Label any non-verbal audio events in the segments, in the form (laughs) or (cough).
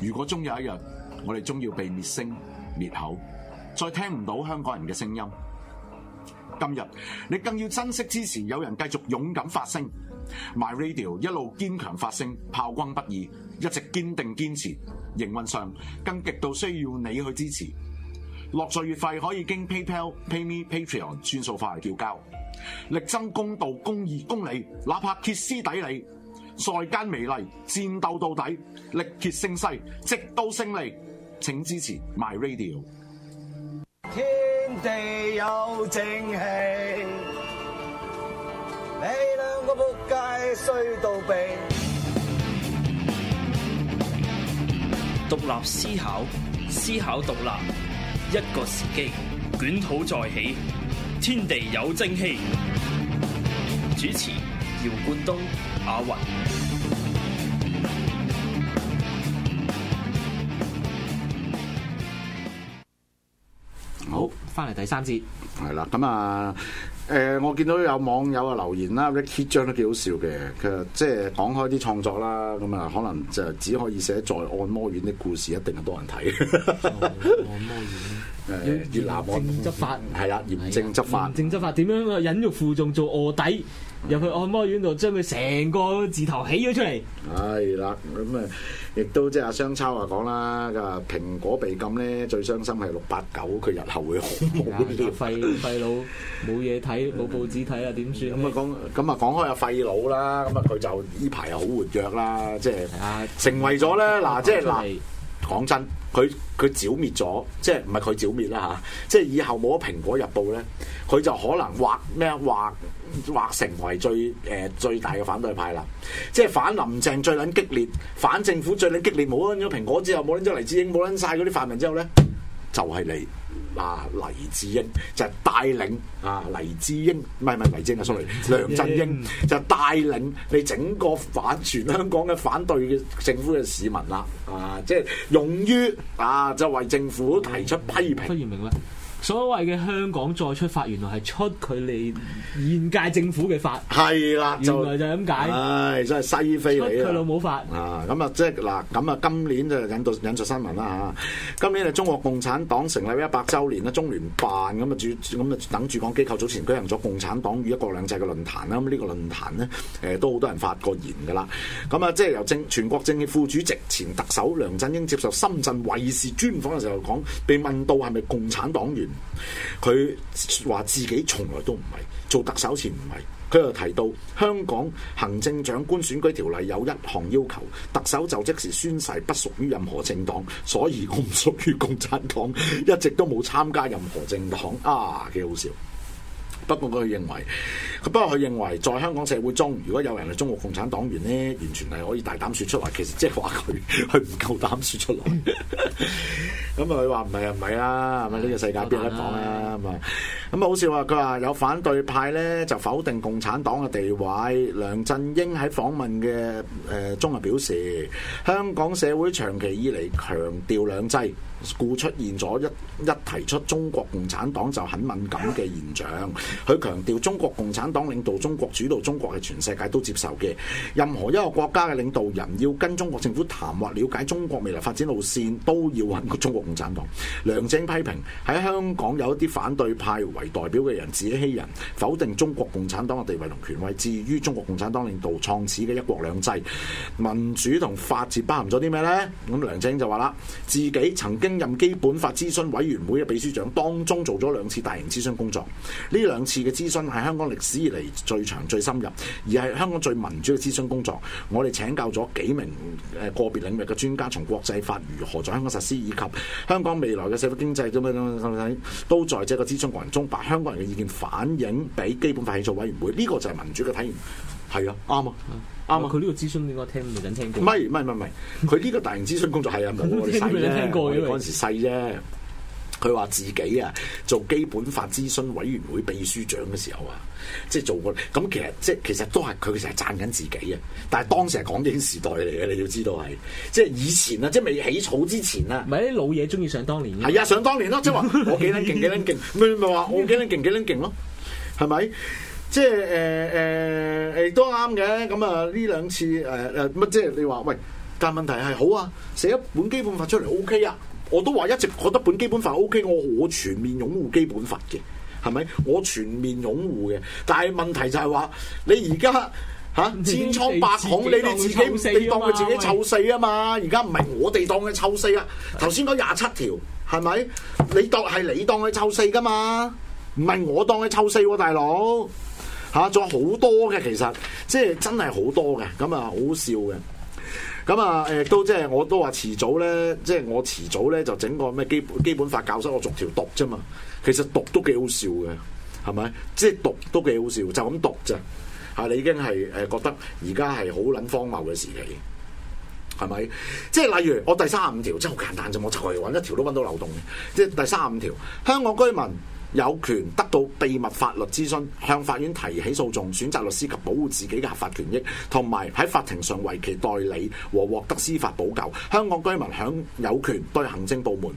如果終有一日，我哋終要被滅聲滅口，再聽唔到香港人嘅聲音，今日你更要珍惜支持，有人繼續勇敢發聲，My Radio 一路堅強發聲，炮轟不已，一直堅定堅持，營運上，更極度需要你去支持。落稅月費可以經 PayPal、PayMe、Patreon 轉數化嚟繳交，力爭公道、公義、公理，哪怕歇斯底里。賽間美麗，戰鬥到底，力竭勝勢，直到勝利，請支持 My Radio。天地有正氣，你兩個僕街衰到弊。獨立思考，思考獨立，一個時機，捲土再起。天地有正氣。主持：姚冠東、阿云。翻嚟第三節，係啦，咁啊，誒、呃、我見到有網友啊留言啦，呢篇文章都幾好笑嘅。佢即係講開啲創作啦，咁啊可能就只可以寫在按摩院啲故事，一定係多人睇。哦、 (laughs) 按摩院，誒、呃、要越南執法係啦、啊，嚴正執法，啊、嚴正執法點樣忍辱負重做臥底？入去按摩院度，將佢成個字頭起咗出嚟。係啦、哎，咁啊，亦都即係阿商秋話講啦，蘋果被禁咧，最傷心係六八九，佢日後會好啲。廢廢佬，冇嘢睇，冇報紙睇啊，點算？咁啊講，咁啊講開阿廢佬啦，咁啊佢就呢排又好活躍啦，即係成為咗咧嗱，呢即係是嗱。講真，佢佢剿滅咗，即係唔係佢剿滅啦吓，即係以後冇咗蘋果日報咧，佢就可能劃咩劃劃成為最誒、呃、最大嘅反對派啦，即係反林鄭最捻激烈，反政府最捻激烈，冇咗蘋果之後，冇捻咗黎智英，冇捻咗晒嗰啲泛民之後咧。就係你，啊黎智英就帶、是、領啊黎智英唔係唔係黎智英 sorry、啊、梁振英 (laughs) 就帶領你整個反全香港嘅反對政府嘅市民啦，啊即係勇於啊就為政府提出批評。嗯，嗯不所謂嘅香港再出發，原來係出佢哋現屆政府嘅法，係啦，原來就係咁解。唉，真係西非嚟嘅，出佢老母法啊。啊，咁啊，即係嗱，咁啊，今年就引到引述新聞啦嚇、啊。今年係中國共產黨成立一百週年啦，中聯辦咁啊主咁啊等駐港機構早前舉行咗共產黨與一國兩制嘅論壇啦。咁呢個論壇呢，誒、呃、都好多人發過言嘅啦。咁啊，即係由政全國政協副主席前特首梁振英接受深圳衛視專訪嘅時候講，被問到係咪共產黨員。佢話自己從來都唔係，做特首前唔係，佢又提到香港行政長官選舉條例有一項要求，特首就職時宣誓不屬於任何政黨，所以我唔屬於共產黨，一直都冇參加任何政黨，啊，幾好笑。不過佢認為，佢不過佢認為，在香港社會中，如果有人係中國共產黨員呢，完全係可以大膽説出嚟，其實即係話佢佢唔夠膽説出來。咁啊，佢話唔係啊，唔係啊，係咪呢個世界邊有得講咧？咁啊，咁啊的的、嗯、好笑啊！佢話有反對派呢，就否定共產黨嘅地位。梁振英喺訪問嘅誒、呃、中啊，表示，香港社會長期以嚟強調兩制。故出現咗一一提出中國共產黨就很敏感嘅現象，佢強調中國共產黨領導中國、主導中國係全世界都接受嘅。任何一個國家嘅領導人要跟中國政府談話，了解中國未來發展路線，都要揾中國共產黨。梁振英批評喺香港有一啲反對派為代表嘅人自欺欺人，否定中國共產黨嘅地位同權威。至於中國共產黨領導創始嘅一國兩制、民主同法治包含咗啲咩呢？咁梁振英就話啦，自己曾經擔任基本法諮詢委員會嘅秘書長，當中做咗兩次大型諮詢工作。呢兩次嘅諮詢係香港歷史以嚟，最長、最深入，而係香港最民主嘅諮詢工作。我哋請教咗幾名誒個別領域嘅專家，從國際法如何在香港實施，以及香港未來嘅社會經濟咁樣，睇都在這個諮詢過程中，把香港人嘅意見反映俾基本法起草委員會。呢、這個就係民主嘅體現。係啊，啱啊，啱啊。佢呢個諮詢應該聽冇緊聽過。唔係唔係唔係，佢呢個大型諮詢工作係啊，唔 (laughs) 我哋細啫。佢嗰陣時細啫。佢話自己啊，做基本法諮詢委員會秘書長嘅時候啊，即係做過。咁其實即係其實都係佢成日讚緊自己啊。但係當時係港英時代嚟嘅，你要知道係即係以前啊，即係未起草之前啊，咪啲老嘢中意想當年。係啊，想當年咯，即係話我幾撚勁幾撚勁，咪咪話我幾撚勁幾撚勁咯，係咪？即係誒誒誒都啱嘅，咁啊呢兩次誒誒乜即係你話喂，但問題係好啊，寫一本基本法出嚟 O K 啊，我都話一直覺得本基本法 O K，我我全面擁護基本法嘅，係咪？我全面擁護嘅，但係問題就係話你而家吓，千瘡百孔，你哋、啊、自己當你當佢自己湊四啊嘛，而家唔係我哋當佢湊四啊，頭先講廿七條係咪？你當係你當佢湊四㗎嘛？唔係我當佢湊四，大佬。吓、啊、仲有好多嘅，其實即係真係好多嘅，咁啊好笑嘅。咁啊，誒都即係我都話遲早咧，即係我遲早咧就整個咩基基本法教室，我逐條讀啫嘛。其實讀都幾好笑嘅，係咪？即係讀都幾好笑，就咁讀啫。吓、啊，你已經係誒覺得而家係好捻荒謬嘅時期，係咪？即係例如我第三十五條真係好簡單啫，我就嚟搵一條都搵到漏洞嘅。即係第三十五條，香港居民。有權得到秘密法律諮詢，向法院提起訴訟，選擇律師及保護自己嘅合法權益，同埋喺法庭上為其代理和獲得司法補救。香港居民享有權對行政部門，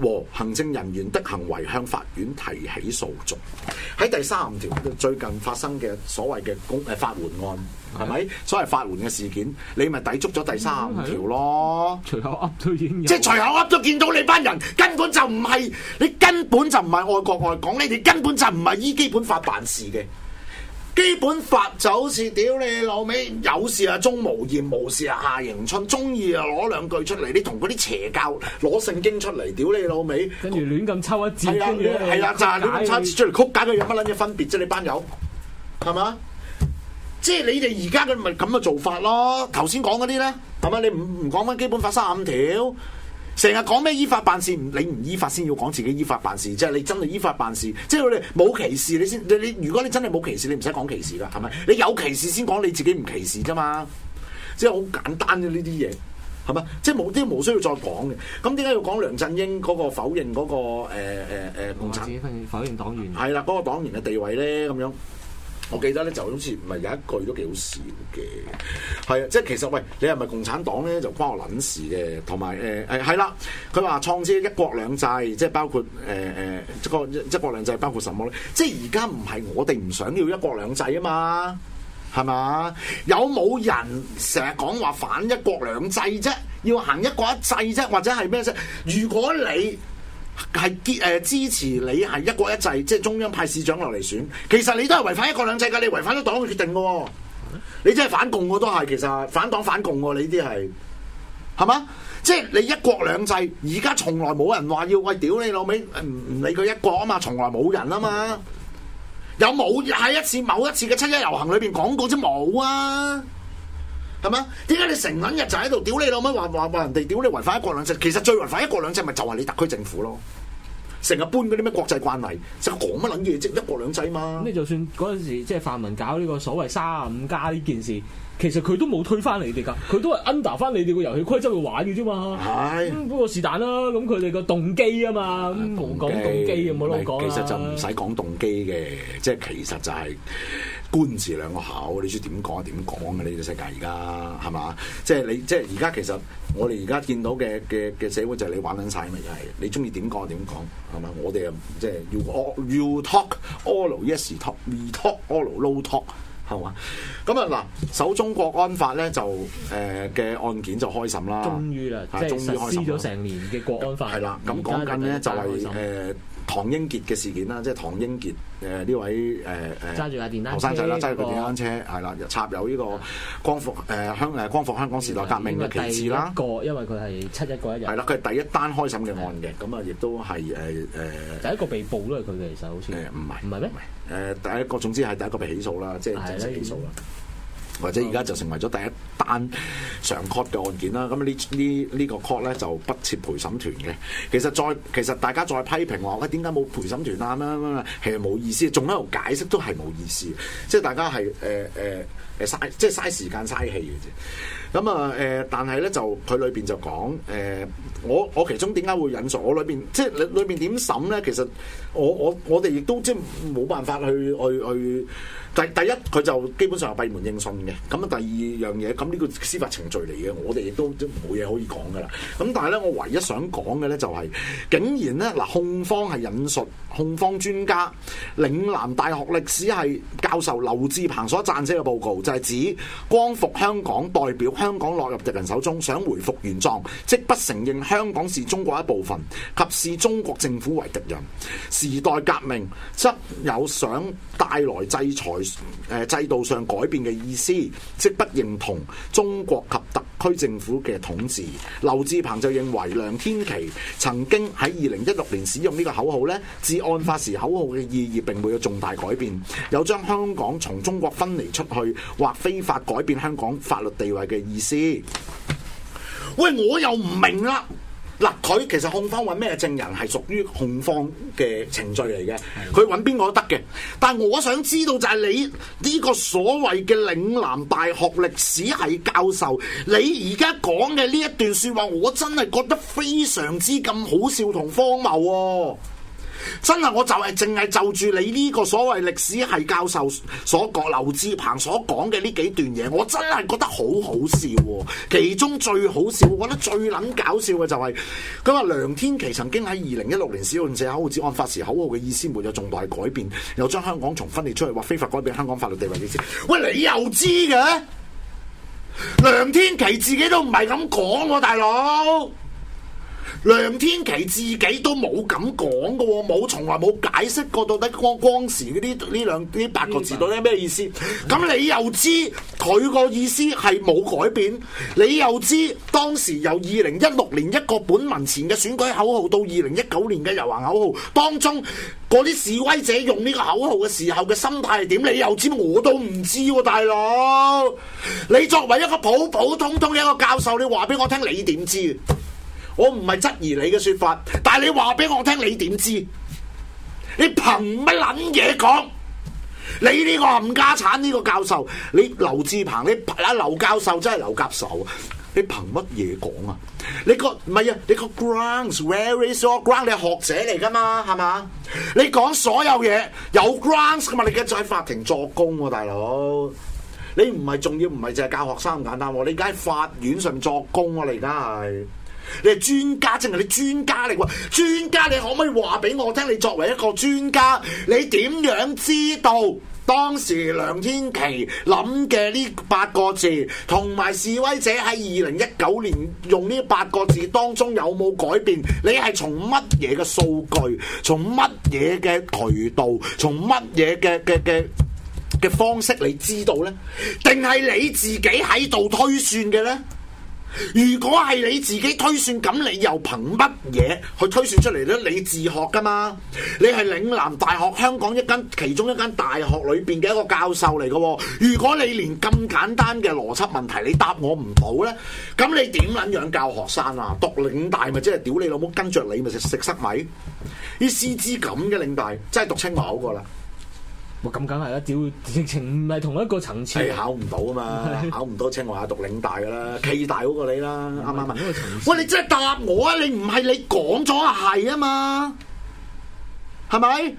和行政人員的行為向法院提起訴訟，喺第三條最近發生嘅所謂嘅公誒、呃、法援案，係咪的所謂法援嘅事件？你咪抵觸咗第三條，條咯？隨口噏都見，即係隨口噏都見到你班人，根本就唔係你，根本就唔係愛國愛港，你哋根本就唔係依基本法辦事嘅。基本法就好似屌你老味，有事啊鍾無艷，無事啊夏迎春，中意啊攞兩句出嚟，你同嗰啲邪教攞聖經出嚟，屌你老味，跟住亂咁抽一字經嘅，係啦，啊，就係亂抽一字出嚟，啊、曲解佢有乜撚嘢分別啫？你班友係嘛？即係你哋而家嘅咪咁嘅做法咯。頭先講嗰啲咧，係咪？你唔唔講翻基本法三十五條？成日講咩依法辦事，你唔依法先要講自己依法辦事，即係你真係依法辦事，即係我哋冇歧視你先。你你如果你真係冇歧視，你唔使講歧視噶，係咪？你有歧視先講你自己唔歧視啫嘛，即係好簡單嘅呢啲嘢，係咪？即係冇啲冇需要再講嘅。咁點解要講梁振英嗰個否認嗰、嗰個誒誒誒？呃呃、我指否認黨員係啦，嗰、嗰個黨員嘅地位咧咁樣。我記得咧就好似唔係有一句都幾好笑嘅，係啊，即係其實喂，你係咪共產黨咧就關我撚事嘅？同埋誒誒係啦，佢、呃、話創設一國兩制，即係包括誒誒、呃，即個一國兩制包括什麼咧？即係而家唔係我哋唔想要一國兩制啊嘛，係嘛？有冇人成日講話反一國兩制啫？要行一國一制啫？或者係咩啫？如果你係堅、誒支持你係一國一制，即係中央派市長落嚟選，其實你都係違反一國兩制噶你違反咗黨嘅決定噶你真係反共噶都係，其實反黨反共噶你啲係，係嘛？即係你一國兩制，而家從來冇人話要喂，屌你老味，唔唔理佢一國啊嘛，從來冇人啊嘛，有冇喺一次某一次嘅七一遊行裏邊講過先冇啊？係嘛？點解你成撚日就喺度屌你老母？話話話人哋屌你違反一國兩制。其實最違反一國兩制咪就係你特區政府咯。成日搬嗰啲咩國際慣例，就講乜撚嘢啫？一國兩制嘛。咁你就算嗰陣時即係泛民搞呢、呢個所謂三五加呢件事。其實佢都冇推翻你哋噶，佢都係 under 翻你哋個遊戲規則去玩嘅啫嘛。係的、嗯，不過是但啦。咁佢哋個動機啊嘛，唔講動機冇得講啦。其實就唔使講動機嘅，即係其實就係官字兩個口，你知點講點講嘅呢個世界而家係嘛？即係你即係而家其實我哋而家見到嘅嘅嘅社會就係你玩緊晒咪，就又係你中意點講點講係嘛？我哋又即係 you, you talk all yes talk we talk all low、no、talk。係嘛？咁啊嗱，首《中國安法呢》咧就誒嘅、呃、案件就開審啦。終於啦，啊、即係實施咗成年嘅《國安法》嗯。係啦，咁講緊咧就係、是、誒。唐英傑嘅事件啦，即係唐英傑誒呢、呃、位誒誒後生仔啦，揸住個電單車係啦、那個，插有呢個光復誒香誒光復香港時代革命嘅旗幟啦。因為第一個，因為佢係七一嗰一日。係啦，佢係第一單開審嘅案嘅，咁啊的，亦都係誒誒。呃、第一個被捕都係佢嘅，其實好似。誒唔係。唔係咩？誒第一個，總之係第一個被起訴啦，即係正式起訴啦。的或者而家就成為咗第一單常 court 嘅案件啦，咁呢呢呢個 court 咧就不設陪審團嘅。其實再其實大家再批評，話喂，點解冇陪審團啊？咁樣，咁其實冇意思，仲喺度解釋都係冇意思，即係大家係誒誒。呃呃誒，嘥即係嘥時間嘥氣嘅啫。咁啊，誒、呃，但係咧就佢裏邊就講誒、呃，我我其中點解會引述我裏邊，即係裏裏邊點審咧？其實我我我哋亦都即係冇辦法去去去。第第一佢就基本上係閉門應訊嘅。咁啊，第二樣嘢，咁呢個司法程序嚟嘅，我哋亦都即係冇嘢可以講噶啦。咁但係咧，我唯一想講嘅咧就係，是，竟然咧嗱，控方係引述控方專家嶺南大學歷史系教授劉志鵬所撰寫嘅報告。就係指光復香港，代表香港落入敵人手中，想回復原狀，即不承認香港是中國一部分，及視中國政府為敵人。時代革命則有想帶來制裁誒、呃、制度上改變嘅意思，即不認同中國及特區政府嘅統治。劉志鵬就認為梁天琦曾經喺二零一六年使用呢個口號呢，至案發時口號嘅意義並沒有重大改變，有將香港從中國分離出去或非法改變香港法律地位嘅意思。喂，我又唔明啦！嗱，佢其實控方揾咩證人係屬於控方嘅程序嚟嘅，佢揾邊個都得嘅。但我想知道就係你呢個所謂嘅嶺南大學歷史系教授，你而家講嘅呢一段説話，我真係覺得非常之咁好笑同荒謬喎。真係我就係淨係就住你呢個所謂歷史系教授所講、劉志鵬所講嘅呢幾段嘢，我真係覺得好好笑、哦。其中最好笑，我覺得最捻搞笑嘅就係佢話梁天琦曾經喺二零一六年《使用社口號》案發時口號嘅意思，沒有重大改變，又將香港從分裂出嚟，話非法改變香港法律地位嘅意思。喂，你又知嘅？梁天琦自己都唔係咁講，大佬。梁天琦自己都冇咁講噶，冇從來冇解釋過到底光光時嗰呢兩呢八個字到底咩意思。咁、嗯、你又知佢個意思係冇改變，嗯、你又知當時由二零一六年一個本民前嘅選舉口號到二零一九年嘅遊行口號當中，嗰啲示威者用呢個口號嘅時候嘅心態係點？你又知？我都唔知、啊，大佬，你作為一個普普通通嘅一個教授，你話俾我聽，你點知？我唔係質疑你嘅說法，但係你話俾我聽，你點知？你憑乜撚嘢講？你呢個冚家鏟呢個教授，你劉智鵬，你啊劉教授真係劉甲手啊！你憑乜嘢講啊？你個唔係啊？你個 grounds where is your ground？你係學者嚟噶嘛？係嘛？你講所有嘢有 grounds 噶嘛？你而家在法庭作供喎、啊，大佬！你唔係仲要唔係淨係教學生咁簡單、啊？你而家喺法院上作供啊！你而家係。你係專家，淨係你專家嚟喎。專家，你可唔可以話俾我聽？你作為一個專家，你點樣知道當時梁天琦諗嘅呢八個字，同埋示威者喺二零一九年用呢八個字當中有冇改變？你係從乜嘢嘅數據，從乜嘢嘅渠道，從乜嘢嘅嘅嘅嘅方式，你知道呢？定係你自己喺度推算嘅呢？如果係你自己推算，咁你又憑乜嘢去推算出嚟呢？你自學噶嘛？你係嶺南大學香港一間其中一間大學裏邊嘅一個教授嚟嘅，哦。如果你連咁簡單嘅邏輯問題你答我唔到呢，咁你點捻樣教學生啊？讀嶺大咪即係屌你老母，跟着你咪食食塞米。啲師資咁嘅嶺大，真係讀清華好過啦。咁梗係啦，屌，直情唔係同一個層次，欸、考唔到啊嘛， (laughs) 考唔到清華讀嶺大噶啦，暨大 (laughs) 好過你啦，啱啱啊？呢吧個層，喂，你真係答我啊！你唔係你講咗係啊嘛，係咪？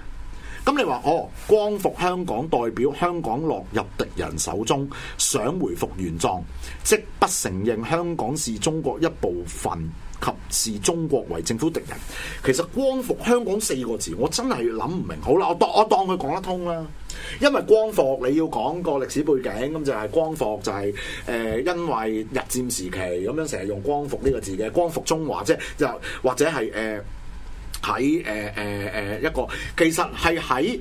咁你話哦，光復香港代表香港落入敵人手中，想回復原狀，即不承認香港是中國一部分。及視中國為政府敵人，其實光復香港四個字，我真係諗唔明。好啦，我當我當佢講得通啦，因為光復你要講個歷史背景，咁就係光復就係、係、誒、呃，因為日戰時期咁樣成日用光復呢個字嘅光復中華啫、就係，就係、或者係誒喺誒誒誒一個，其實係喺。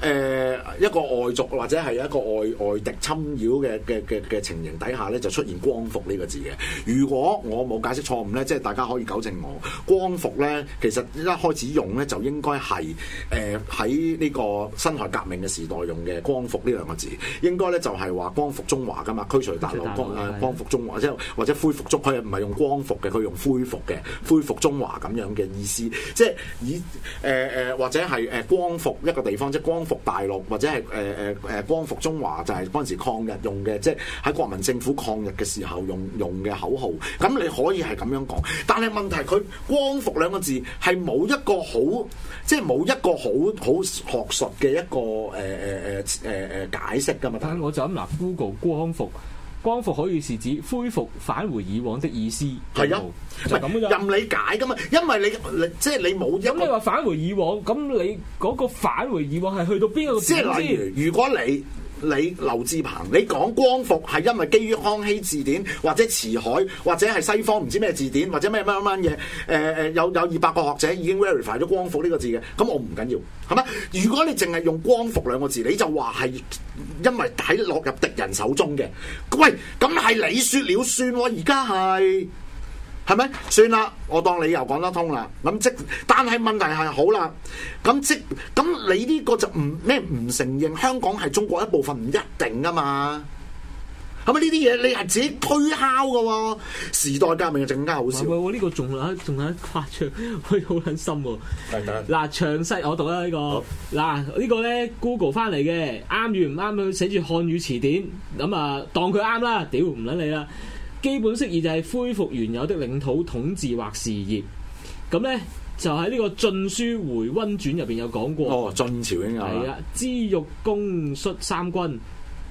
誒一個外族或者係一個外外敵侵擾嘅嘅嘅嘅情形底下咧，就出現光復呢個字嘅。如果我冇解釋錯誤咧，即係大家可以糾正我。光復咧，其實一開始用咧就應該係誒喺呢個辛亥革命嘅時代用嘅光復呢兩個字，應該咧就係話光復中華噶嘛，驅除大陸光光復中華，即係或者恢復足佢唔係用光復嘅，佢用恢復嘅，恢復中華咁樣嘅意思，即係以誒誒或者係誒光復一個地方，即係光復大陸或者係誒誒誒光復中華就係嗰陣時抗日用嘅，即係喺國民政府抗日嘅時候用用嘅口號。咁你可以係咁樣講，但係問題佢光復兩個字係冇一個好，即係冇一個好好學術嘅一個誒誒誒誒誒解釋㗎嘛。但係我就諗嗱，Google 光復。光復可以是指恢復返回以往的意思，係啊，好是就咁嘅啫，任理解噶嘛，因為你你即係、就是、你冇一個咁、嗯、你話返回以往，咁你嗰個返回以往係去到邊一個？即係例如，如果你。你劉志鵬，你講光復係因為基於康熙字典或者辭海或者係西方唔知咩字典或者咩乜乜嘢？誒、呃、誒有有二百個學者已經 verify 咗光復呢個字嘅，咁我唔緊要係咪？如果你淨係用光復兩個字，你就話係因為喺落入敵人手中嘅。喂，咁係你説了算，啊，而家係。係咪？算啦，我當你又講得通啦。咁即，但係問題係好啦。咁即，咁你呢個就唔咩唔承認香港係中國一部分，唔一定㗎嘛。係咪呢啲嘢你係自己推敲噶、啊？時代革命就更加好笑。喎，呢、這個仲肯仲肯誇張，佢好狠心喎、啊。嗱，詳細我讀啦呢、這個。嗱好、這個、呢個咧，Google 翻嚟嘅，啱與唔啱佢寫住漢語詞典。咁啊，當佢啱啦，屌唔捻你啦。基本釋義就係恢復原有的領土統治或事業，咁呢，就喺呢個《晉書·回温傳》入邊有講過。哦，晉朝應係啊，知欲功率三軍，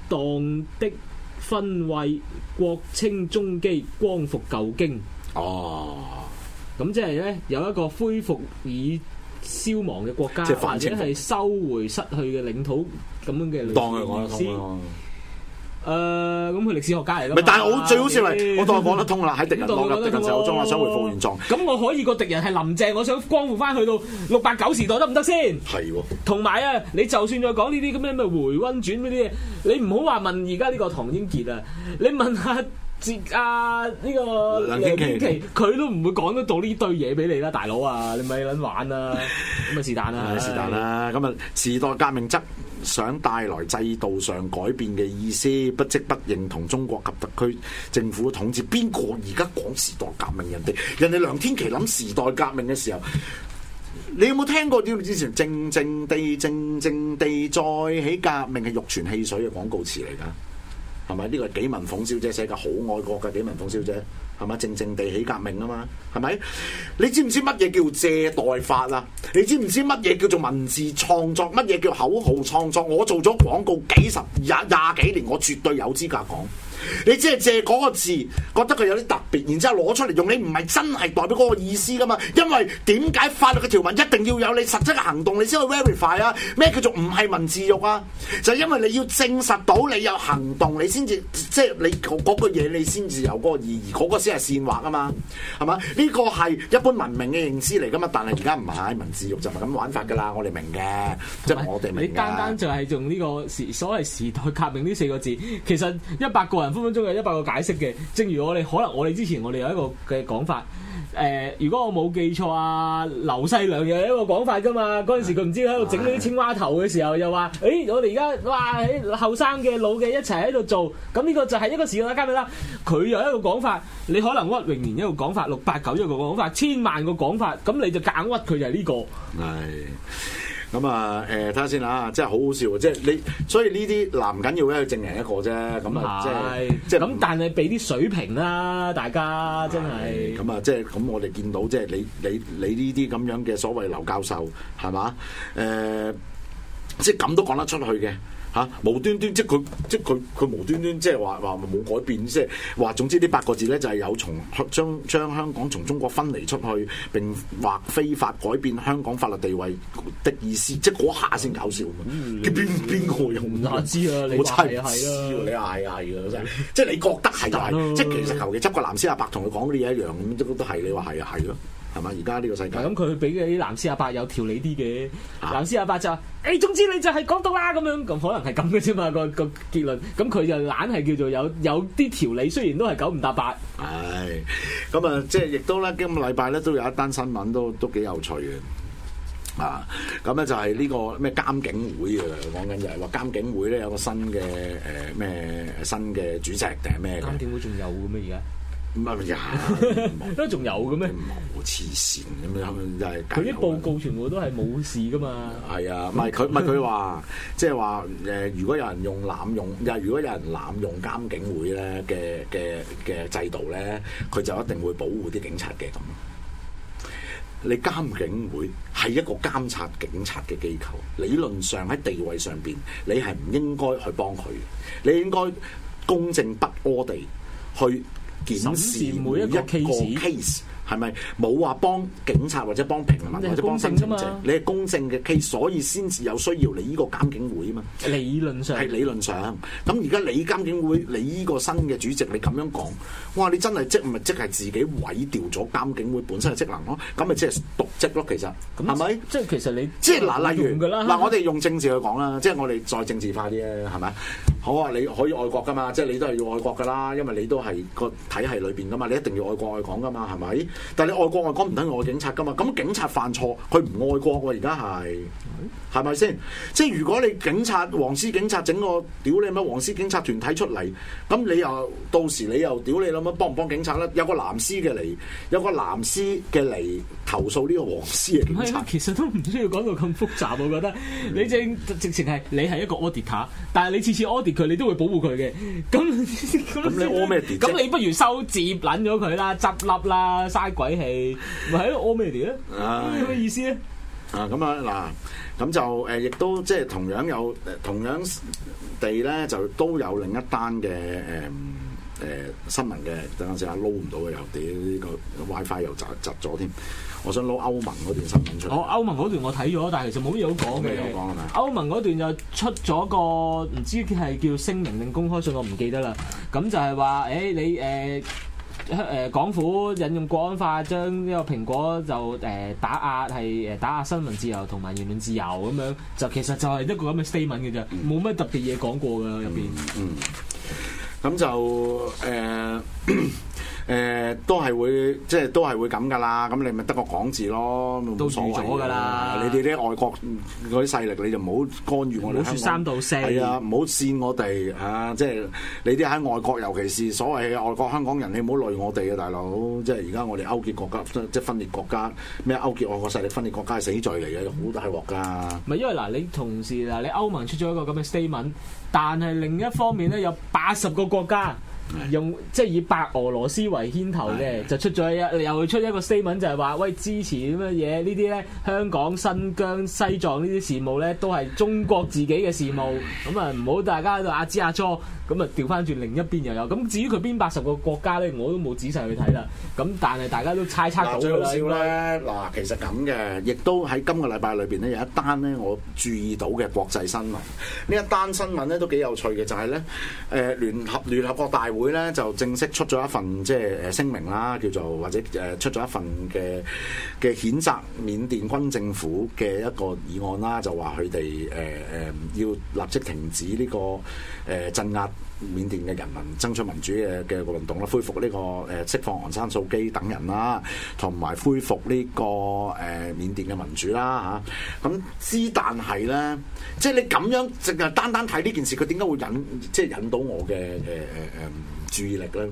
蕩的分位，國清中基，光復舊京。哦，咁即係呢，有一個恢復已消亡嘅國家，即或者係收回失去嘅領土咁樣嘅意思。當誒，咁佢歷史學家嚟噶，但係我最好笑係、哎、呀我當係講得通啦。喺敵人落入敵人手中，我想、嗯、回復原狀。咁我可以個敵人係林鄭，我想光復翻去到六八九時代得唔得先？係喎。同埋是、哦、啊，你就算再講呢啲咁樣咩回温轉嗰啲，你唔好話問而家呢個唐英傑啊，你問下阿呢個梁天琦，佢奇、啊、都唔會講得到呢堆嘢俾你啦，大佬啊，你咪捻玩啦，咁咪是但啦，是但啦，咁啊 (laughs) 時代革命則。想帶來制度上改變嘅意思，不即不認同中國及特區政府統治。邊個而家講時代革命？人哋人哋梁天琦諗時代革命嘅時候，你有冇聽過啲之前靜靜地、靜靜地再起革命嘅玉泉汽水嘅廣告詞嚟㗎？係咪？呢個係紀文鳳小姐寫嘅，好愛國嘅，紀文鳳小姐。係咪正正地起革命啊嘛？係咪？你知唔知乜嘢叫借代法啊？你知唔知乜嘢叫做文字創作？乜嘢叫口號創作？我做咗廣告幾十廿廿幾年，我絕對有資格講。你只係借嗰個字，覺得佢有啲特別，然之後攞出嚟用，你唔係真係代表嗰個意思噶嘛？因為點解法律嘅條文一定要有你實質嘅行動，你先去 verify 啊？咩叫做唔係文字獄啊？就係、是、因為你要證實到你有行動，你先至即係你嗰、那個嘢，你先至有嗰個意義，嗰、那個先係煽惑啊嘛？係嘛？呢個係一般文明嘅認知嚟噶嘛？但係而家唔係文字獄就唔係咁玩法噶啦，我哋明嘅，即係有我哋明。你單單就係用呢、這個時所謂時代革命呢四個字，其實一百個人，分分鐘有一百個解釋嘅，正如我哋可能我哋之前我哋有一個嘅講法，誒、呃，如果我冇記錯啊，劉細良又有一個講法噶嘛，嗰陣 (laughs) 時佢唔知喺度整嗰啲青蛙頭嘅時候，又話，誒、欸，我哋而家哇，後生嘅老嘅一齊喺度做，咁呢個就係一個時代革命啦。佢有一個講法，你可能屈穎妍一個講法，六八九一個講法，千萬個講法，咁你就夾硬屈佢就係呢、這個。係。 (laughs) (laughs) 咁啊，誒睇下先啦，真係好好笑啊！即係你，所以呢啲嗱唔緊要咧，去證明一個啫。咁啊、嗯，即係即係咁，嗯、但係俾啲水平啦，大家、嗯、真係。咁啊、嗯，即係咁，我哋見到即係、就是、你你你呢啲咁樣嘅所謂劉教授係嘛？誒、呃，即係咁都講得出去嘅。吓，無端端即係佢，即係佢，佢無端端即係話話冇改變，即係話總之呢八個字咧就係、係、有從將將香港從中國分離出去，並或非法改變香港法律地位的意思，即係嗰下先搞笑。邊邊個又唔知啊？你話係啊？係咯、啊，你嗌係嘅，即係你覺得係嘅、就係啊、即係其實求其執個藍絲阿伯同佢講啲嘢一樣咁，都都係你話係啊，啊，啊？係咯。係嘛？而家呢個世界咁，佢俾啲藍絲阿伯有條理啲嘅。藍絲阿伯就誒、欸，總之你就係港獨啦咁樣，咁可能係咁嘅啫嘛。嗰個、嗰個結論，咁佢就懶係叫做有有啲條理，雖然都係九唔搭八。係咁啊，即係亦都咧，今個禮拜咧都有一單新聞都，都都幾有趣嘅。啊，咁咧就係、係、呢、呢個咩監警會啊，講緊就係話監警會咧有個新嘅誒咩新嘅主席定係咩監警會仲有嘅咩而家？乜嘢？都仲、哎、有嘅咩？冇黐線咁樣，真係佢啲報告全部都係冇事噶嘛？係啊 (laughs) ，唔係佢唔係佢話，即係話誒，如果有人用濫用、呃，如果有人濫用監警會咧嘅嘅嘅制度咧，佢就一定會保護啲警察嘅咁。你監警會係一個監察警察嘅機構，理論上喺地位上邊，你係唔應該去幫佢，你應該公正不阿地去。檢視每一個 case 係咪冇話幫警察或者幫平民或者幫正者。你係公正嘅 case，所以先至有需要你呢個監警會啊嘛。理論上係理論上。咁而家你監警會，你呢個新嘅主席你，你咁樣講，哇你真係即係咪即係自己毀掉咗監警會本身嘅職能咯？咁、啊、咪即係瀆職咯？其實係咪？即係其實你即係嗱，例如嗱、啊嗯啊，我哋用政治去講啦，即係我哋再政治化啲啊，係咪？好啊！你可以愛國噶嘛，即係你都係要愛國噶啦，因為你都係個體系裏邊噶嘛，你一定要愛國愛港噶嘛，係咪？但係你愛國愛港唔等於愛警察噶嘛？咁警察犯錯，佢唔愛國喎，而家係，係咪先？即係如果你警察黃絲警察整個屌你乜黃絲警察團體出嚟，咁你又到時你又屌你諗乜幫唔幫警察啦，有個藍絲嘅嚟，有個藍絲嘅嚟投訴呢個黃絲嘅警察，啊，其實都唔需要講到咁複雜， (laughs) 我覺得你正直情係，你係一個 auditor 但係你次次 auditor 佢你都會保護佢嘅，咁，咁你屙咩，咁你不如收摺撚咗佢啦，執笠啦，嘥鬼氣，咪喺度屙咩嘢啊，咩意思咧？啊，咁啊嗱，咁就誒，亦都即係同樣有同樣地咧，就都有另一單嘅誒誒新聞嘅。等陣時下撈唔到嘅、這個、又屌呢個 WiFi 又窒窒咗添。我想攞歐盟嗰段新聞出嚟。我歐盟嗰段我睇咗，但係其實冇嘢好講嘅。Okay, 歐盟嗰段就出咗個唔知係叫聲明定公開信，我唔記得啦。咁就係話，誒、欸、你誒誒、呃、港府引用《國安法》將呢個蘋果就誒、呃、打壓，係誒打壓新聞自由同埋言論自由咁樣。就其實就係一個咁嘅 statement 嘅啫，冇乜特別嘢講過嘅入邊。嗯。咁就誒。呃誒、呃，都係會，即係都係會咁噶啦。咁你咪得個講字咯，都預咗噶啦，了了你哋啲外國嗰啲勢力，你就唔好干預我哋。唔好說三道四，係啊，唔好煽我哋啊！即係你啲喺外國，尤其是所謂嘅外國香港人，你唔好累我哋啊，大佬！即係而家我哋勾結國家，即係分裂國家。咩？勾結外國勢力分裂國家係死罪嚟嘅，好大鑊噶。唔係因為嗱，你同時嗱，你歐盟出咗一個咁嘅 statement，但係另一方面咧，有八十個國家。用即係以白俄羅斯為牽頭嘅，的就出咗一又出一個 statement，就係話，喂支持乜嘢呢啲咧？香港、新疆、西藏呢啲事務咧，都係中國自己嘅事務，咁啊的，唔好大家喺度阿支阿初，咁啊調翻轉，另一邊又有。咁至於佢邊八十個國家咧，我都冇仔細去睇啦。咁但係大家都猜測緊咧，嗱，其實咁嘅，亦都喺今個禮拜裏邊咧有一單咧我注意到嘅國際新聞，呢一單新聞咧都幾有趣嘅，就係咧誒聯合聯合國大會。會咧就正式出咗一份即係誒聲明啦，叫做或者誒出咗一份嘅嘅譴責緬甸軍政府嘅一個議案啦，就話佢哋誒誒要立即停止呢個誒鎮壓。呃緬甸嘅人民爭取民主嘅嘅運動啦，恢復呢個誒釋放昂山素姬等人啦，同埋恢復呢個誒緬甸嘅民主啦嚇。咁、啊、之但係咧，即係你咁樣淨係單單睇呢件事，佢點解會引即係引到我嘅誒誒誒？呃呃注意力啦，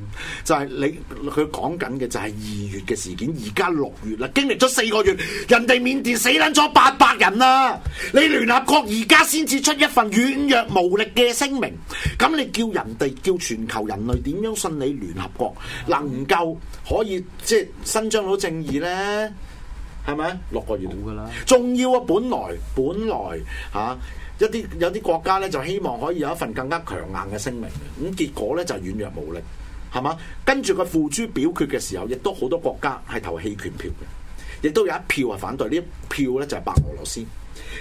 就係你，佢講緊嘅就係二月嘅事件，而家六月啦，經歷咗四個月，人哋緬甸死撚咗八百人啦，你聯合國而家先至出一份軟弱無力嘅聲明，咁你叫人哋叫全球人類點樣信你聯合國能夠可以即係伸張到正義呢？係咪？六個月好重要啊！本來本來嚇、啊、一啲有啲國家呢就希望可以有一份更加強硬嘅聲明，咁結果呢就軟弱無力，係嘛？跟住佢付諸表決嘅時候，亦都好多國家係投棄權票嘅，亦都有一票係反對，呢票呢就係、是、白俄羅斯。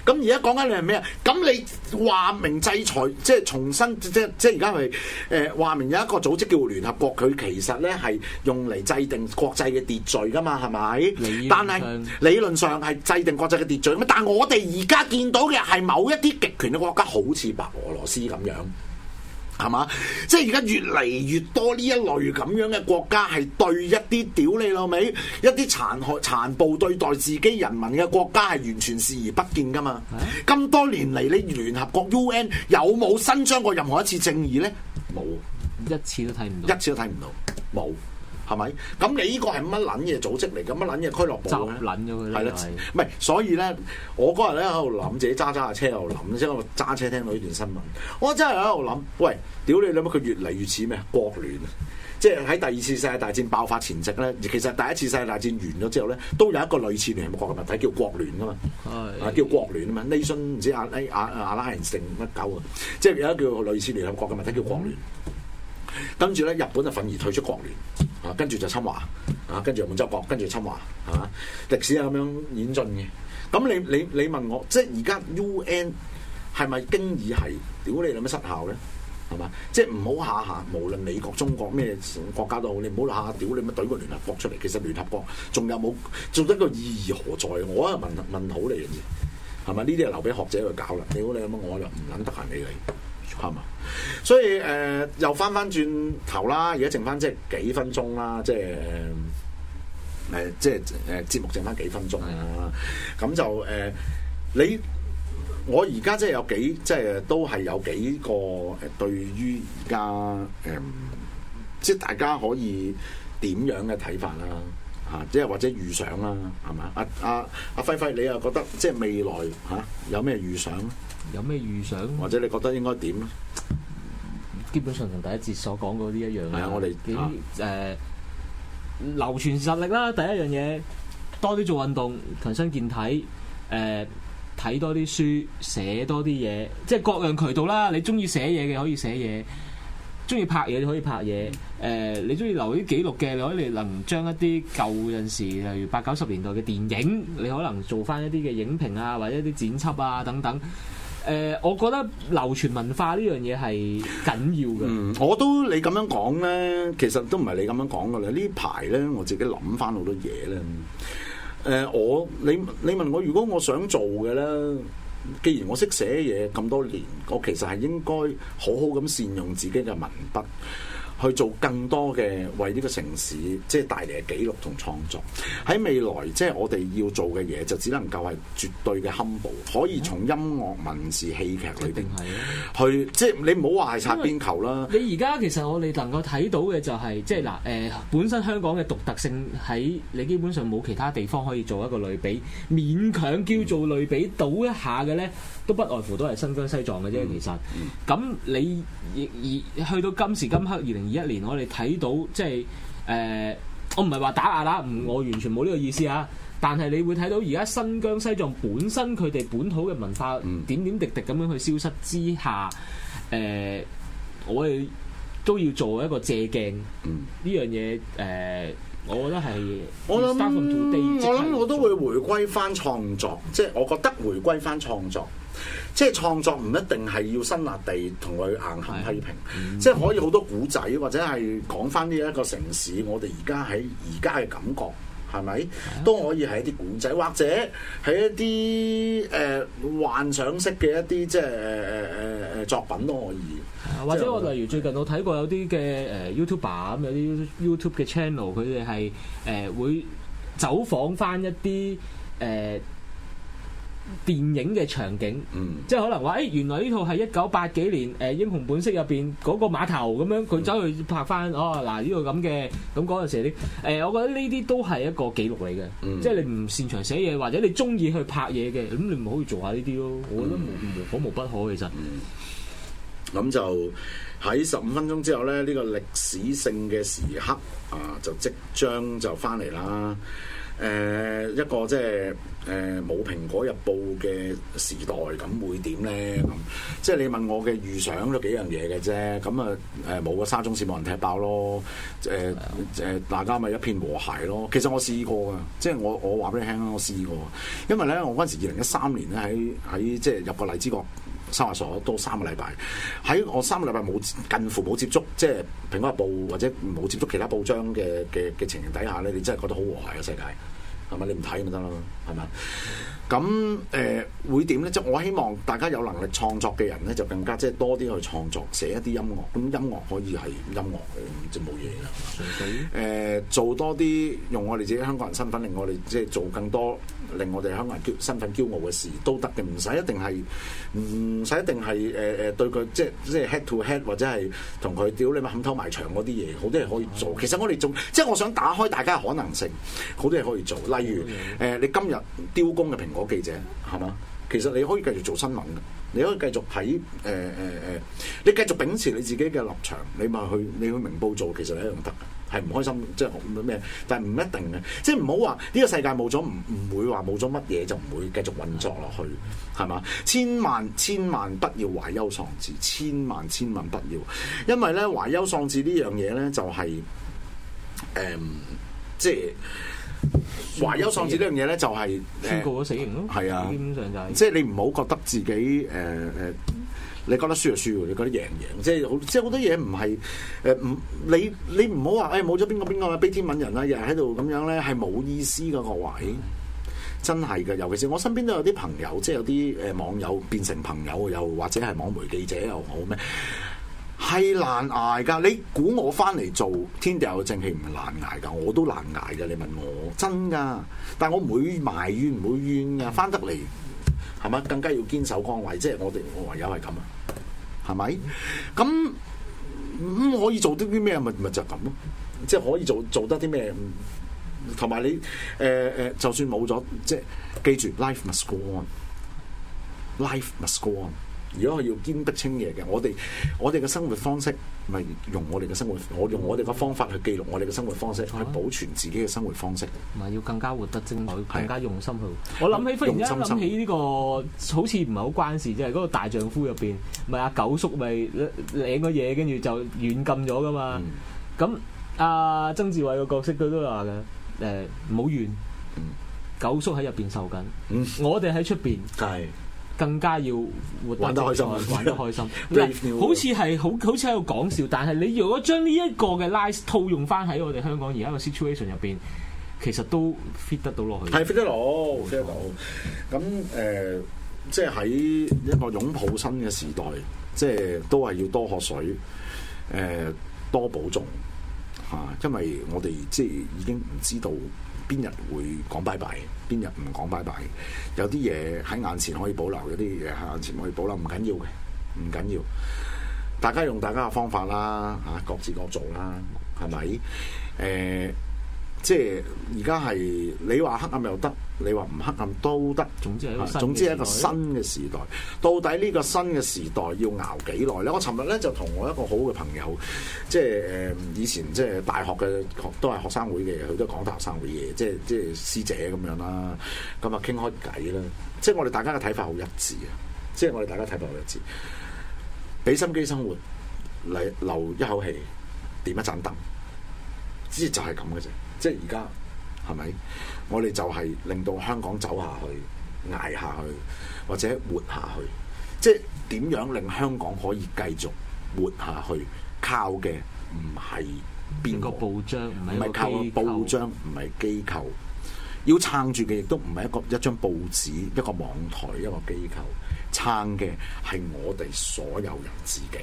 咁而家講緊你係咩啊？咁你話明制裁，即係重新即即即而家係誒話明有一個組織叫聯合國，佢其實咧係用嚟制定國際嘅秩序噶嘛，係咪？但係理論上係制定國際嘅秩序，但係我哋而家見到嘅係某一啲極權嘅國家，好似白俄羅斯咁樣。係嘛？即係而家越嚟越多呢一類咁樣嘅國家，係對一啲屌你老味，一啲殘害、殘暴對待自己人民嘅國家，係完全視而不見噶嘛？咁、啊、多年嚟，你聯合國 UN 有冇伸張過任何一次正義呢？冇，一次都睇唔到，一次都睇唔到，冇。係咪？咁你呢個係乜撚嘢組織嚟？咁乜撚嘢俱樂部咧？撚咗佢咧就係、是，唔係。所以咧，我嗰日咧喺度諗，自己揸揸下車又諗，即係我揸車聽到呢段新聞，我真係喺度諗，喂，屌你！你諗佢越嚟越似咩？國聯啊！即係喺第二次世界大戰爆發前夕咧，其實第一次世界大戰完咗之後咧，都有一個類似聯合國嘅物體叫國聯噶嘛，叫國聯啊嘛、哎啊。nation 唔、嗯、知阿拉亞拉人姓乜鳩啊？啊即係有一叫類似聯合國嘅物體叫國聯。嗯、跟住咧，日本就憤而退出國聯。跟住、啊、就侵華，啊跟住滿洲國，跟住侵華，係、啊、嘛？歷史係咁樣演進嘅。咁你你你問我，即係而家 UN 係咪經已係屌你諗咩失效咧？係嘛？即係唔好下下無論美國、中國咩國家都好，你唔好下下屌你咪懟個聯合國出嚟。其實聯合國仲有冇做得個意義何在？我係問問好你嘢，係咪？呢啲係留俾學者去搞啦。屌你咁樣，我就唔撚得閒理你。係嘛，所以誒、呃、又翻翻轉頭啦，而家剩翻即係幾分鐘啦，即係誒、呃，即係誒節目剩翻幾分鐘啦，咁就誒、呃、你我而家即係有幾即係都係有幾個誒對於而家誒，即係大家可以點樣嘅睇法啦、啊，吓、啊、即係或者預想啦，係咪？阿阿阿輝輝，啊、輝輝你又覺得即係未來吓、啊、有咩預想？有咩預想？或者你覺得應該點咧？基本上同第一節所講嗰啲一樣嘅。的我哋幾誒、啊呃，流傳實力啦，第一樣嘢多啲做運動，強身健體，誒、呃，睇多啲書，寫多啲嘢，即係各樣渠道啦。你中意寫嘢嘅可以寫嘢，中意拍嘢可以拍嘢。誒、嗯呃，你中意留啲記錄嘅，你可以能將一啲舊陣時，例如八九十年代嘅電影，你可能做翻一啲嘅影評啊，或者一啲剪輯啊等等。 (laughs) 誒、呃，我覺得流傳文化呢樣嘢係緊要嘅，嗯。我都你咁樣講呢，其實都唔係你咁樣講嘅啦。呢排呢，我自己諗翻好多嘢咧。誒、呃，我你你問我如果我想做嘅呢，既然我識寫嘢咁多年，我其實係應該好好咁善用自己嘅文筆。去做更多嘅，為呢個城市即係帶嚟嘅記錄同創作，喺未來，即係我哋要做嘅嘢就只能夠係絕對嘅堪布，可以從音樂、文字、戲劇裏邊去，即係你唔好話係擦邊球啦。你而家其實我哋能夠睇到嘅就係、是、即係嗱誒本身香港嘅獨特性喺你基本上冇其他地方可以做一個類比，勉強叫做類比倒一下嘅咧。都不外乎都係新疆西藏嘅啫、嗯，其、嗯、實。咁你亦而，而去到今時今刻，二零二一年，我哋睇到即係誒，我唔係話打壓啦，唔，我完全冇呢個意思啊。但係你會睇到而家新疆西藏本身佢哋本土嘅文化點點滴滴咁樣去消失之下，誒、嗯呃，我哋都要做一個借鏡。呢、嗯、樣嘢誒、呃，我覺得係我諗想，我諗我都會回歸翻創作，即係我覺得回歸翻創作。即係創作唔一定係要辛辣地同佢硬行批評，嗯、即係可以好多古仔，或者係講翻呢一個城市，我哋而家喺而家嘅感覺係咪都可以係一啲古仔，或者係一啲誒、呃、幻想式嘅一啲即係誒誒誒誒作品都可以。或者我，我例如最近我睇過有啲嘅誒 YouTuber，有啲 YouTube 嘅 channel，佢哋係誒、呃、會走訪翻一啲誒。呃電影嘅場景，嗯、即係可能話，誒、欸，原來呢套係一九八幾年誒、呃《英雄本色》入邊嗰個碼頭咁樣，佢走去拍翻、嗯、哦嗱呢個咁嘅咁嗰陣時啲，誒、呃，我覺得呢啲都係一個記錄嚟嘅，即係、嗯、你唔擅長寫嘢，或者你中意去拍嘢嘅，咁你咪可以做下呢啲咯。嗯、我覺得無無可無不可，其實、嗯。咁就喺十五分鐘之後咧，呢、這個歷史性嘅時刻啊，就即將就翻嚟啦。誒、呃、一個即係誒冇《呃、蘋果日報》嘅時代，咁會點咧？咁、嗯、即係你問我嘅預想都幾樣嘢嘅啫。咁啊誒冇個沙中線冇人踢爆咯，誒、呃、誒的大家咪一片和諧咯。其實我試過嘅，即係我我話俾你聽啊，我試過。因為咧，我嗰陣時二零一三年咧，喺喺即係入過荔枝角。生活所都三個禮拜，喺我三個禮拜冇近乎冇接觸，即係《蘋果日報》或者冇接觸其他報章嘅嘅嘅情形底下咧，你真係覺得好和諧嘅世界，係咪？你唔睇咪得咯，係咪？咁誒、欸、會點咧？即係我希望大家有能力創作嘅人咧，就更加即係多啲去創作，寫一啲音樂，咁音樂可以係音樂嘅，就冇嘢啦。誒、嗯嗯、做多啲用我哋自己香港人身份，令我哋即係做更多，令我哋香港人驕身份驕傲嘅事都得嘅，唔使一定係，唔使一定係誒誒對佢即係即係 head to head 或者係同佢屌你咪冚頭埋牆啲嘢，好多嘢可以做。的其實我哋仲即係我想打開大家可能性，好多嘢可以做。例如誒、嗯嗯呃、你今日雕工嘅平台。天嗰記者係嘛？其實你可以繼續做新聞嘅，你可以繼續喺誒誒誒，你繼續秉持你自己嘅立場，你咪去你去明報做，其實一樣得，係唔開心即係咩？但係唔一定嘅，即係唔好話呢個世界冇咗，唔唔會話冇咗乜嘢就唔會繼續運作落去，係嘛？千萬千萬不要懷憂喪志，千萬千萬不要，因為咧懷憂喪志呢樣嘢咧就係、是、誒、嗯，即係。懷憂喪志呢樣嘢咧，就係宣告咗死刑咯。係啊，基本上就係、即係你唔好覺得自己誒誒、呃，你覺得輸就輸，你覺得贏就贏，即係即係好多嘢唔係誒，唔、呃、你你唔好話誒，冇咗邊個邊個啊，悲天憫人啦，日日喺度咁樣咧，係冇意思噶我懷，真係噶。尤其是我身邊都有啲朋友，即係有啲誒網友變成朋友，又或者係網媒記者又好咩。係難挨噶，你估我翻嚟做天地有正氣唔難挨噶，我都難挨噶，你問我真噶。但係我唔會埋怨唔會怨嘅，翻得嚟係咪？更加要堅守崗位，即係我哋我唯有係咁啊，係咪？咁咁，嗯，可以做啲啲咩？咪咪就咁咯，即係可以做做得啲咩？同埋你誒誒，呃，就算冇咗，即係記住，life must go on，life must go on。如果我要堅不清嘢嘅，我哋我哋嘅生活方式咪用我哋嘅生活，我用我哋嘅方法去記錄我哋嘅生活方式，啊、去保存自己嘅生活方式。唔係要更加活得精彩，更加用心去。的我諗起忽然間，而家諗起呢、呢個好似唔係好關事啫，嗰、嗰個大丈夫入邊，唔係阿九叔咪領個嘢，跟住就軟禁咗噶嘛。咁阿、嗯啊、曾志偉個角色佢都話嘅，唔好怨。九叔喺入邊受緊，嗯、我哋喺出邊。嗯更加要活得開心，玩得開心，好似係好好似喺度講笑，但係你如果將呢一個嘅 line 套用翻喺我哋香港而家嘅 situation 入邊，其實都 fit 得到落去，係 fit 得到、嗯、fit 得到。咁誒、嗯呃，即係喺一個擁抱新嘅時代，即係都係要多喝水，誒、呃、多保重嚇、啊，因為我哋即係已經唔知道。邊日會講拜拜？邊日唔講拜拜？有啲嘢喺眼前可以保留，有啲嘢喺眼前可以保留，唔緊要嘅，唔緊要。大家用大家嘅方法啦，嚇，各自各做啦，係咪？誒、欸。即係而家係你話黑暗又得，你話唔黑暗都得。總之係，總之係一個新嘅時代。到底呢個新嘅時代要熬幾耐咧？我尋日咧就同我一個好嘅朋友，即係誒以前即係大學嘅學都係學生會嘅，佢都係講大學生會嘅，即係即係師姐咁樣啦。咁啊傾開偈啦。即係我哋大家嘅睇法好一致啊！即係我哋大家睇法好一致，俾心機生活嚟，留一口氣，點一盞燈，之就係咁嘅啫。即係而家，係咪？我哋就係令到香港走下去，捱下去，或者活下去。即係點樣令香港可以繼續活下去？靠嘅唔係邊個報章，唔係靠個報章，唔係機構。要撐住嘅亦都唔係一個一張報紙、一個網台、一個機構，撐嘅係我哋所有人自己，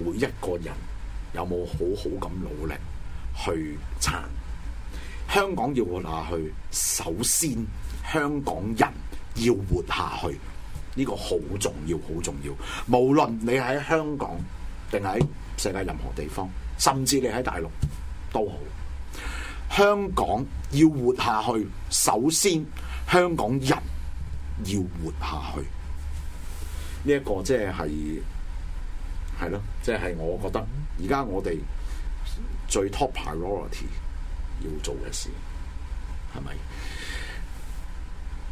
每一個人有冇好好咁努力去撐？.香港要活下去，首先香港人要活下去，呢個好重要，好重要。無論你喺香港定喺世界任何地方，甚至你喺大陸都好，香港要活下去，首先香港人要活下去，呢一個即係係咯，即係我覺得而家我哋最 top priority。要做嘅事，係咪？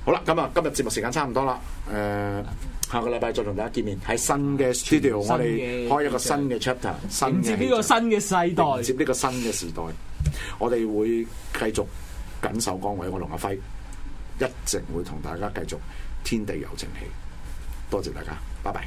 好啦，咁啊，今日節目時間差唔多啦。誒、呃，下個禮拜再同大家見面，喺新嘅 studio，我哋開一個新嘅 chapter，接呢個新嘅世代，接呢個新嘅時代。我哋會繼續緊守崗位，我同阿輝一直會同大家繼續天地友政氣。多謝大家，拜拜。